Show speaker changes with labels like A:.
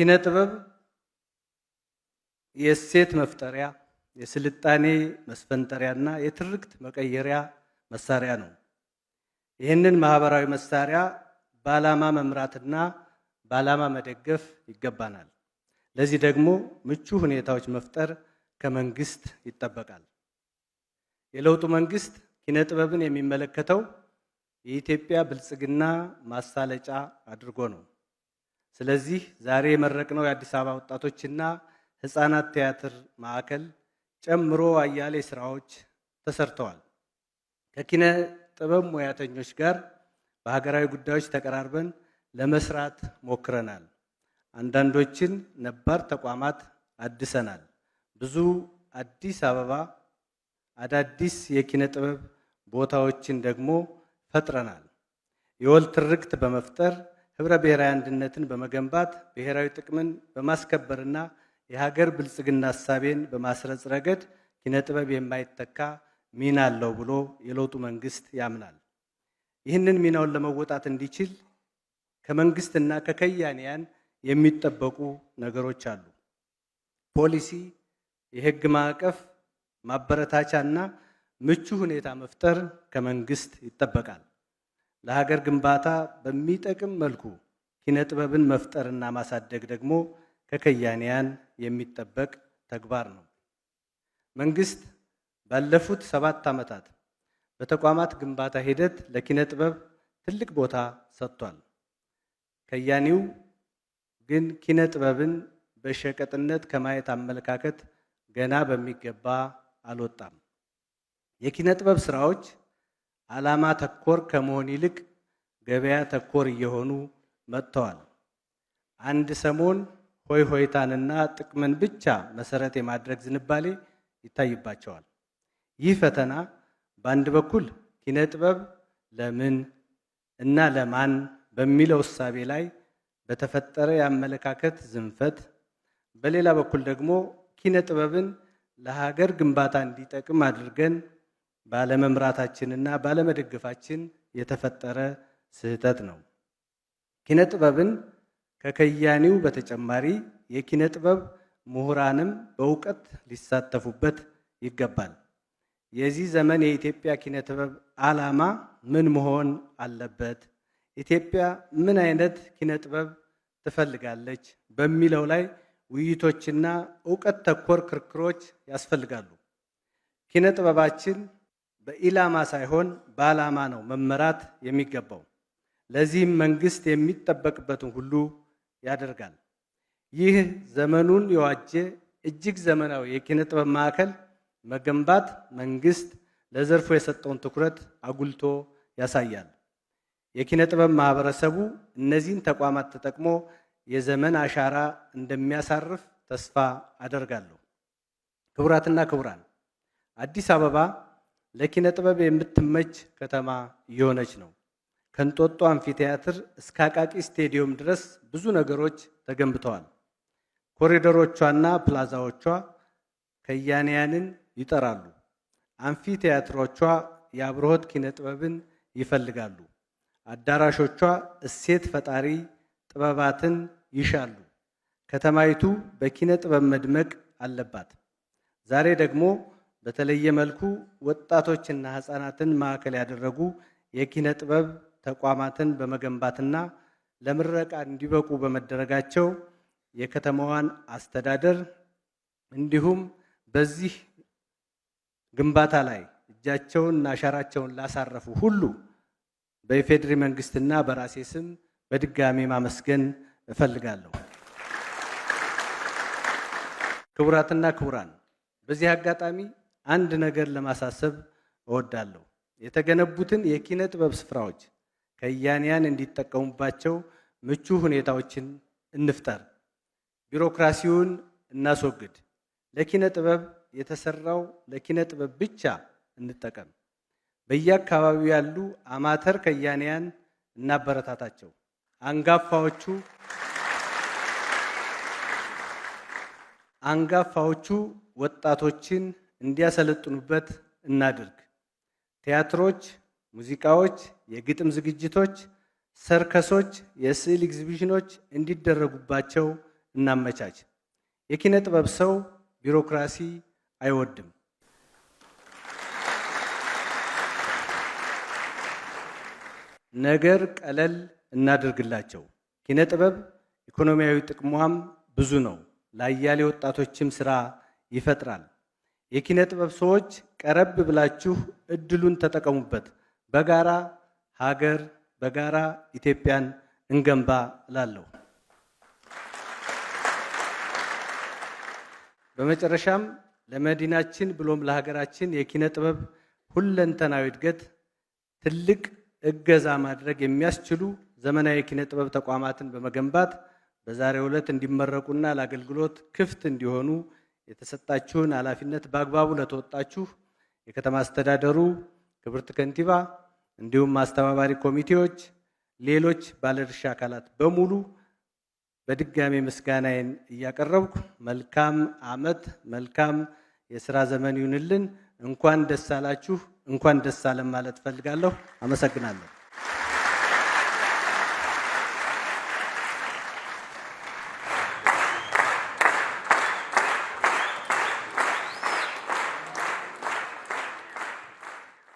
A: ኪነ ጥበብ የእሴት መፍጠሪያ፣ የስልጣኔ መስፈንጠሪያና የትርክት መቀየሪያ መሳሪያ ነው። ይህንን ማህበራዊ መሳሪያ በዓላማ መምራትና በዓላማ መደገፍ ይገባናል። ለዚህ ደግሞ ምቹ ሁኔታዎች መፍጠር ከመንግስት ይጠበቃል። የለውጡ መንግስት ኪነ ጥበብን የሚመለከተው የኢትዮጵያ ብልጽግና ማሳለጫ አድርጎ ነው። ስለዚህ ዛሬ የመረቅነው የአዲስ አበባ ወጣቶችና ህፃናት ቲያትር ማዕከል ጨምሮ አያሌ ስራዎች ተሰርተዋል። ከኪነ ጥበብ ሙያተኞች ጋር በሀገራዊ ጉዳዮች ተቀራርበን ለመስራት ሞክረናል። አንዳንዶችን ነባር ተቋማት አድሰናል። ብዙ አዲስ አበባ አዳዲስ የኪነ ጥበብ ቦታዎችን ደግሞ ፈጥረናል። የወል ትርክት በመፍጠር ህብረ ብሔራዊ አንድነትን በመገንባት ብሔራዊ ጥቅምን በማስከበርና የሀገር ብልጽግና ሀሳቤን በማስረጽ ረገድ ኪነ ጥበብ የማይተካ ሚና አለው ብሎ የለውጡ መንግስት ያምናል። ይህንን ሚናውን ለመወጣት እንዲችል ከመንግስትና ከከያንያን የሚጠበቁ ነገሮች አሉ። ፖሊሲ፣ የህግ ማዕቀፍ፣ ማበረታቻና ምቹ ሁኔታ መፍጠር ከመንግስት ይጠበቃል። ለሀገር ግንባታ በሚጠቅም መልኩ ኪነ ጥበብን መፍጠርና ማሳደግ ደግሞ ከከያንያን የሚጠበቅ ተግባር ነው። መንግስት ባለፉት ሰባት ዓመታት በተቋማት ግንባታ ሂደት ለኪነ ጥበብ ትልቅ ቦታ ሰጥቷል። ከያኒው ግን ኪነ ጥበብን በሸቀጥነት ከማየት አመለካከት ገና በሚገባ አልወጣም። የኪነ ጥበብ ስራዎች ዓላማ ተኮር ከመሆን ይልቅ ገበያ ተኮር እየሆኑ መጥተዋል። አንድ ሰሞን ሆይ ሆይታንና ጥቅምን ብቻ መሰረት የማድረግ ዝንባሌ ይታይባቸዋል። ይህ ፈተና በአንድ በኩል ኪነ ጥበብ ለምን እና ለማን በሚለው እሳቤ ላይ በተፈጠረ የአመለካከት ዝንፈት፣ በሌላ በኩል ደግሞ ኪነ ጥበብን ለሀገር ግንባታ እንዲጠቅም አድርገን ባለመምራታችንና ባለመደገፋችን የተፈጠረ ስህተት ነው። ኪነ ጥበብን ከከያኒው በተጨማሪ የኪነ ጥበብ ምሁራንም በእውቀት ሊሳተፉበት ይገባል። የዚህ ዘመን የኢትዮጵያ ኪነ ጥበብ ዓላማ ምን መሆን አለበት? ኢትዮጵያ ምን አይነት ኪነ ጥበብ ትፈልጋለች? በሚለው ላይ ውይይቶችና እውቀት ተኮር ክርክሮች ያስፈልጋሉ። ኪነ ጥበባችን በኢላማ ሳይሆን በዓላማ ነው መመራት የሚገባው። ለዚህም መንግስት የሚጠበቅበትን ሁሉ ያደርጋል። ይህ ዘመኑን የዋጀ እጅግ ዘመናዊ የኪነ ጥበብ ማዕከል መገንባት መንግስት ለዘርፉ የሰጠውን ትኩረት አጉልቶ ያሳያል። የኪነ ጥበብ ማህበረሰቡ እነዚህን ተቋማት ተጠቅሞ የዘመን አሻራ እንደሚያሳርፍ ተስፋ አደርጋለሁ። ክቡራትና ክቡራን አዲስ አበባ ለኪነ ጥበብ የምትመች ከተማ እየሆነች ነው። ከእንጦጦ አምፊቲያትር እስከ አቃቂ ስቴዲየም ድረስ ብዙ ነገሮች ተገንብተዋል። ኮሪደሮቿና ፕላዛዎቿ ከያንያንን ይጠራሉ። አምፊቲያትሮቿ የአብርሆት ኪነ ጥበብን ይፈልጋሉ። አዳራሾቿ እሴት ፈጣሪ ጥበባትን ይሻሉ። ከተማይቱ በኪነ ጥበብ መድመቅ አለባት። ዛሬ ደግሞ በተለየ መልኩ ወጣቶችና ህፃናትን ማዕከል ያደረጉ የኪነ ጥበብ ተቋማትን በመገንባትና ለምረቃ እንዲበቁ በመደረጋቸው የከተማዋን አስተዳደር እንዲሁም በዚህ ግንባታ ላይ እጃቸውንና አሻራቸውን ላሳረፉ ሁሉ በኢፌዴሪ መንግስትና በራሴ ስም በድጋሚ ማመስገን እፈልጋለሁ። ክቡራትና ክቡራን በዚህ አጋጣሚ አንድ ነገር ለማሳሰብ እወዳለሁ። የተገነቡትን የኪነ ጥበብ ስፍራዎች ከያንያን እንዲጠቀሙባቸው ምቹ ሁኔታዎችን እንፍጠር። ቢሮክራሲውን እናስወግድ። ለኪነ ጥበብ የተሰራው ለኪነ ጥበብ ብቻ እንጠቀም። በየአካባቢው ያሉ አማተር ከያንያን እናበረታታቸው። አንጋፋዎቹ አንጋፋዎቹ ወጣቶችን እንዲያሰለጥኑበት እናድርግ። ቲያትሮች፣ ሙዚቃዎች፣ የግጥም ዝግጅቶች፣ ሰርከሶች፣ የስዕል ኤግዚቢሽኖች እንዲደረጉባቸው እናመቻች። የኪነ ጥበብ ሰው ቢሮክራሲ አይወድም። ነገር ቀለል እናደርግላቸው። ኪነ ጥበብ ኢኮኖሚያዊ ጥቅሟም ብዙ ነው። ለአያሌ ወጣቶችም ስራ ይፈጥራል። የኪነ ጥበብ ሰዎች ቀረብ ብላችሁ እድሉን ተጠቀሙበት። በጋራ ሀገር በጋራ ኢትዮጵያን እንገንባ እላለሁ። በመጨረሻም ለመዲናችን ብሎም ለሀገራችን የኪነ ጥበብ ሁለንተናዊ እድገት ትልቅ እገዛ ማድረግ የሚያስችሉ ዘመናዊ የኪነ ጥበብ ተቋማትን በመገንባት በዛሬው ዕለት እንዲመረቁና ለአገልግሎት ክፍት እንዲሆኑ የተሰጣችሁን ኃላፊነት በአግባቡ ለተወጣችሁ የከተማ አስተዳደሩ ክብርት ከንቲባ፣ እንዲሁም አስተባባሪ ኮሚቴዎች፣ ሌሎች ባለድርሻ አካላት በሙሉ በድጋሚ ምስጋናዬን እያቀረብኩ መልካም ዓመት መልካም የስራ ዘመን ይሁንልን። እንኳን ደስ አላችሁ፣ እንኳን ደስ አለን ማለት እፈልጋለሁ። አመሰግናለሁ።